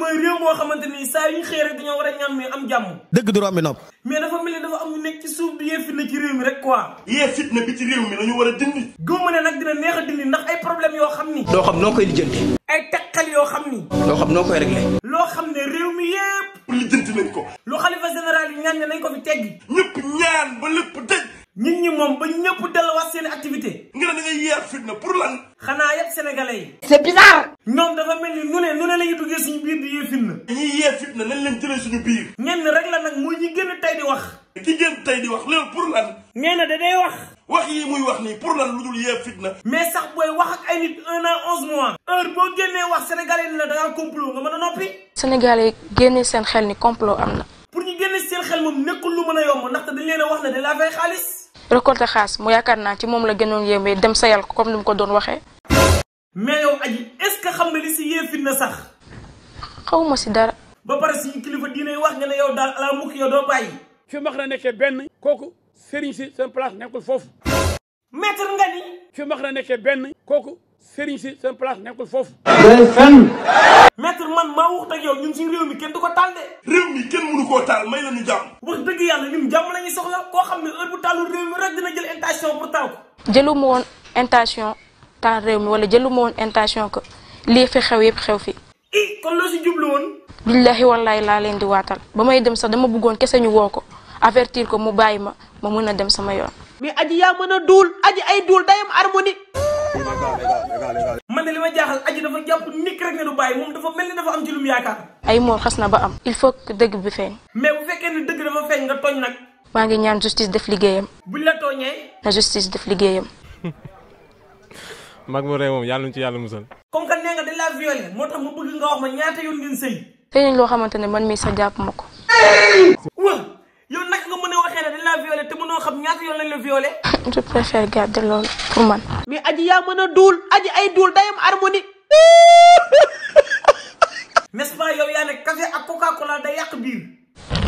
mooy réew moo xamante saa yu ñu dañoo war a ñaan muy am jàmm. dëgg du rombi nopp. mais dafa mel ni dafa am ñu nekk ci suuf di yee fitna ci réew mi rek war a dindi. góobu ne nag dina neex a dindi ndax ay problème yoo xam ni. doo xam noo koy lijjanti. ay takkal yoo xam ni. loo xam noo koy réglé. loo xam ne réew mi yépp. lijjanti nañ ko. lu xalifa général yi ñaan ne nañ ko fi teggi. ñëpp ñaan ba lépp daj nit ñi moom ba ñëpp delluwaat seen activité. nga ne da ngay yeer fitna pour lan. xanaa yëpp sénégalais yi. c'est bizarre. ñoom dafa mel ni nu ne nu ne la ñu suñu biir di yee fitna. dañuy yee fitna nañ leen jëlee suñu biir. ñenn rek la nag muy ñi gën a tey di wax. ki gën tey di wax loolu pour lan. nee na da day wax. wax yi muy wax nii pour lan lu dul yee fitna. mais sax booy wax ak ay nit un an onze mois. heure boo génnee wax sénégalais ni la da ngaa complot nga mën seen xel ni complot am na. pour ñu génne seen xel moom lu mën leen a wax récolter xaas mu yaakaar naa ci moom la gënoon yéemee dem sayal ko comme ni mu ko doon waxee. mais yow aji est ce que xam nga li si yee fitna sax. xaw ma si dara. ba pare si kilifa diine wax nga yow daal ala mukk yow doo bàyyi. fi max na nekkee benn. kooku sëriñ si seen place nekkul foofu. maître nga ni. fi max na nekkee benn. kooku sëriñ si seen place nekkul foofu. day man maa wax ak yow ñun suñu réew mi kenn du ko taal de. réew mi kenn mënu koo taal may ñu jàmm. wax koo xam ne heure bu tàllul réew mi rek dina jël intention pour taal ko. jëluma woon intention taal réew mi wala jëluma woon intention ko lii fi xew yëpp xew fi. i eh, kon loo si jublu woon. billahi wallahi laa leen di waatal ba may dem sax dama buggoon kese ñu woo ko avertir ko mu bàyyi ma ma mën a dem sama yoon. mais aji yaa mën a duul aji ay duul dayam harmonie. man ne li ma jaaxal aji dafa jàpp nikk rek ne du bàyyi mel ni dafa am ci yaakaar. ay moor na ba am. maa ngi ñaan justice def liggéeyam. buñ la tooñee. na justice def liggéeyam. mag mu rey moom yàlla ñu ci yàlla musal. comme que nee nga dañ laa moo tax mu bëgg nga wax ma ñaata yoon loo xamante ne man mii sax jàpp ma ko. waaw yow nga ne dañ laa violé te xam ñaata yoon lañ la violé. je préfère garder loolu pour man. mi aji yaa mën a duul aji ay duul dayam harmonie. n'est-ce pas yow yaa ne coca cola day yàq biir.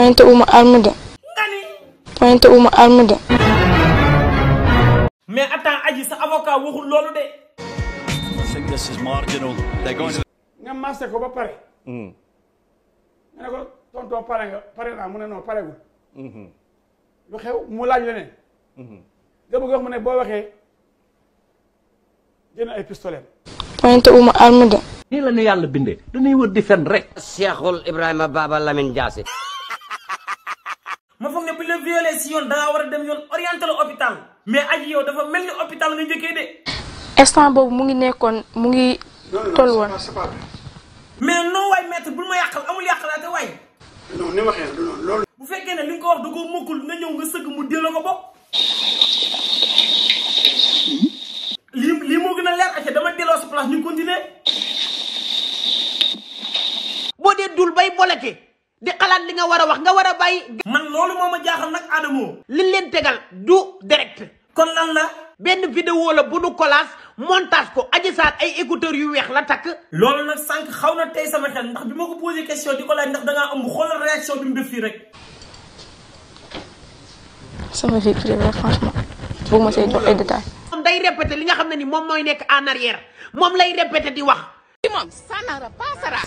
pointé uma arme de. nga ni. pointé uma arme de. mais attends Adji sa avocat waxul ko ba pare. Hmm. nga ne ko tonton pare nga pare naa mu ne non pare gu. lu mu laaj leneen. nga bëgg wax mu ne boo waxee jënd ay pistolet. pointé uma arme de. nii la ñu yàlla bindee dañuy wër di fen rek. Cheikhul Ibrahima Baba Lamine Diassé. ma foog ne bu la violé si yoon dangaa war a dem yoon orienté la hôpital mais aji yow dafa mel ni hôpital nga njëkkee de. instant boobu mu ngi nekkoon mu ngi. toll woon mais non waay maître bul ma yàqal amul yàqalaate waay. bu fekkee ne li nga ko wax da koo mokkul nga ñëw nga sëgg mu bàyyi. man lolou moma jaxal nak nag Adamo. liñ leen tegal du direct. kon lan la. ben vidéo la bu du collage montage ko Adji sa ay écouteur yu wex la tak lolou nak sank xawna tay sama xel ndax bima ko poser question diko ko laaj ndax da nga am xol réaction bi mu def fi rek. sama vie privée la franchement bu ma sey jox ay détails. moom day répéter li nga xamné ni mom moy nek en arrière mom lay répéter di wax. mom sanara pasara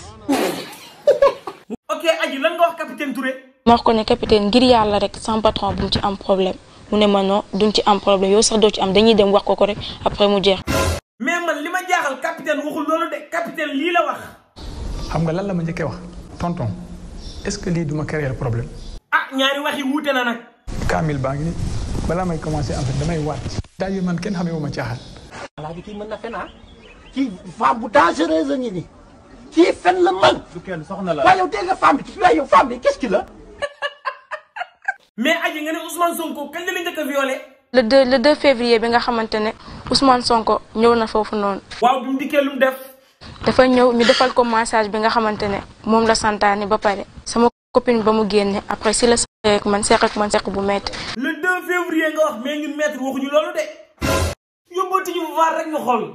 pas ok aji lan nga wax capitaine Touré. ma wax ko ne capitaine ngir yàlla rek sans patron bu mu ci am problème mu ne ma non duñ ci am problème yow sax doo ci am dañuy dem wax ko ko rek après mu jeex. mais man li ma jaaxal capitaine waxul loolu de capitaine lii la wax. xam nga lan la ma njëkkee wax. tonton est-ce que lii duma créer problème. ah ñaari wax yi wuute na nag. Kamil baa ngi nii balaa may commencer am fait damay waat. daal man kenn ma caaxaan. alaaji kii mën na fen ah kii femme bu dangereuse ngi nii kii fen la man. du kenn waaye yow dégg nga la. mais aji nga ne Ousmane Sonko kañ la la njëkk a violé. le 2 le février bi nga xamante ne Ousmane Sonko ñëw na foofu noonu. waaw bi mu dikkee def. dafa ñëw ñu defal ko massage bi nga xamante ne moom la santaane ba pare sama copine ba mu génne après si la seq man seq man seq bu métti. le 2 février nga wax mais ñun métti waxuñu loolu de. yóbbuuti ñu bu baax rek ñu xool.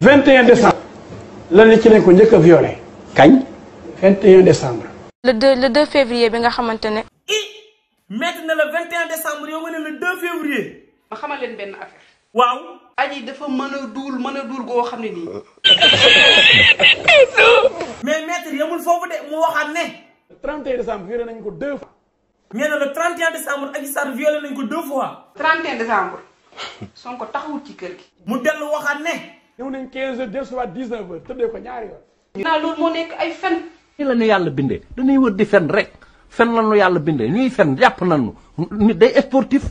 21 décembre. ko le 2 le 2 février bi nga xamante ne. le 21 décembre yow nga le 2 février. Je xamal leen benn affaire. waaw. aji dafa a fait mën a duul goo mais maître yamul foofu de mu waxaat ne. le 31 décembre violer nañ ko deux fois. Mais le 31 décembre Adji Sarr violé nañ ko deux fois. 31 décembre. Son taxawul ci kër gi. mu dellu waxaat ne. ñëw 15 h jël h 19 h tëddee ko ñaari yoon. naa loolu moo nek, ay fen. nii la yàlla bindee dañuy wër di fen rek fen la ñu yàlla bindee ñuy fen jàpp nañu nit day sportif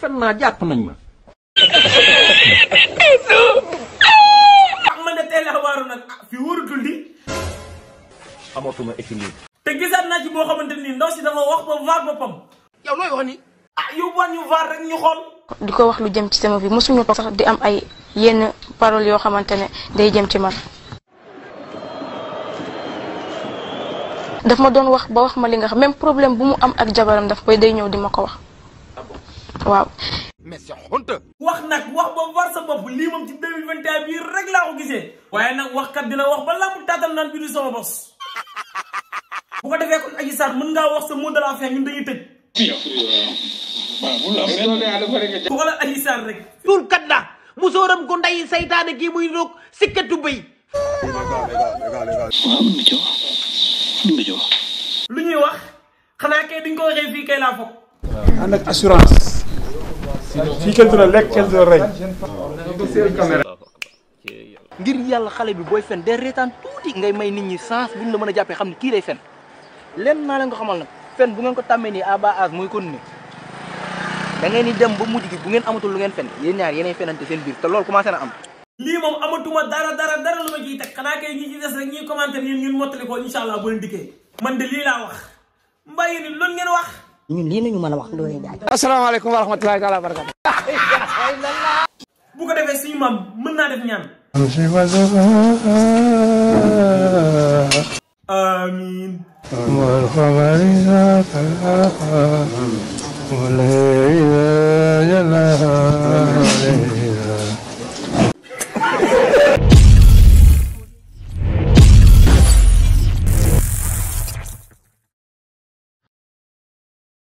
fen naa jàpp nañ ma. xam nga ne télé xabaaru ah, fi wóorutul ah, di. ko wax lu jëm ci sama vie di am ay yenn paroles yoo xamante ne day jëm ci man. daf ma doon wax ba wax ma li nga xam même problème bu mu am ak jabaram daf koy day ñëw di ma ko wax ah waaw. wax nag wax ba war sa bopp laa ko gisee. wax ba laa mu taatal naan bii di sama bos. bu ko defee kon Adji Sarr kat musóoram ko nday saytaane kii muy roog sikkatu bëy. lu ñu wax lu ñuy wax ko waxee fii kay laa foog ànd ak assurance fii kenn du la lekk kenn rey ngir yàlla xale bi fen day reetaan tuuti ngay may nit ñi sens buñ la mën a ne fen lenn naa leen xamal fen bu ngeen ko tàmmee kon da dem ba mujj gi bu ngeen lu ngeen fen ñaar yeneen fenante seen te commencé na am li mom amatuma dara dara dara lu ci tek teg kay ñi ci dess rek ñi commenter ñun ñun motali ko inshallah bu len dikkee man de li la wax mbay ni lu ngeen wax ñun li nañu mëna wax do ndooyee jaay alaykum wa rahmatullahi wa barakatuh bu ko defee suñu mam mën def ñaan amin والقمر